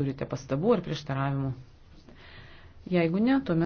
turite pastabų ar prieštaravimų. Jeigu ne, tuomet.